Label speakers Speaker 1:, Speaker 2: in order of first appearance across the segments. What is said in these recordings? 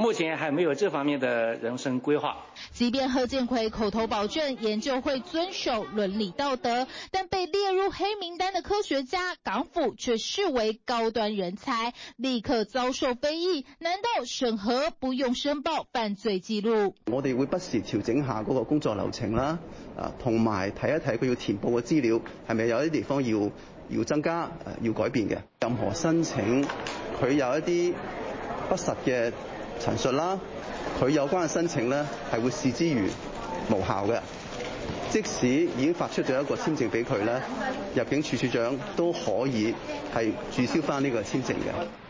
Speaker 1: 目前還沒有這方面的人生規劃。
Speaker 2: 即便賀建奎口頭保證研究會遵守倫理道德，但被列入黑名單的科學家港府卻視為高端人才，立刻遭受非議。難道審核不用申報犯罪記錄？
Speaker 3: 我哋會不時調整下嗰個工作流程啦，啊，同埋睇一睇佢要填報嘅資料係咪有啲地方要要增加，啊，要改變嘅。任何申請，佢有一啲不實嘅。陳述啦，佢有關嘅申請咧係會視之如無效嘅，即使已經發出咗一個簽證俾佢咧，入境處處長都可以係註銷翻呢個簽證嘅。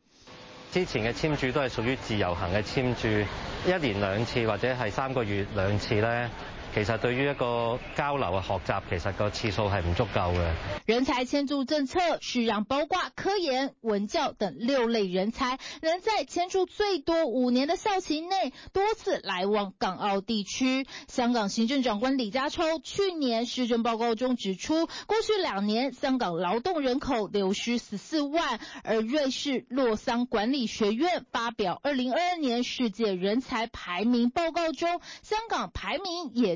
Speaker 4: 之前嘅簽注都係屬於自由行嘅簽注，一年兩次或者係三個月兩次呢。其實對於
Speaker 1: 一個交流嘅學習，其實個次數係唔足夠嘅。
Speaker 2: 人才簽注政策是讓包括科研、文教等六類人才能在簽注最多五年的效期內多次來往港澳地區。香港行政長官李家超去年施政報告中指出，過去兩年香港勞動人口流失十四萬。而瑞士洛桑管理學院發表二零二二年世界人才排名報告中，香港排名也，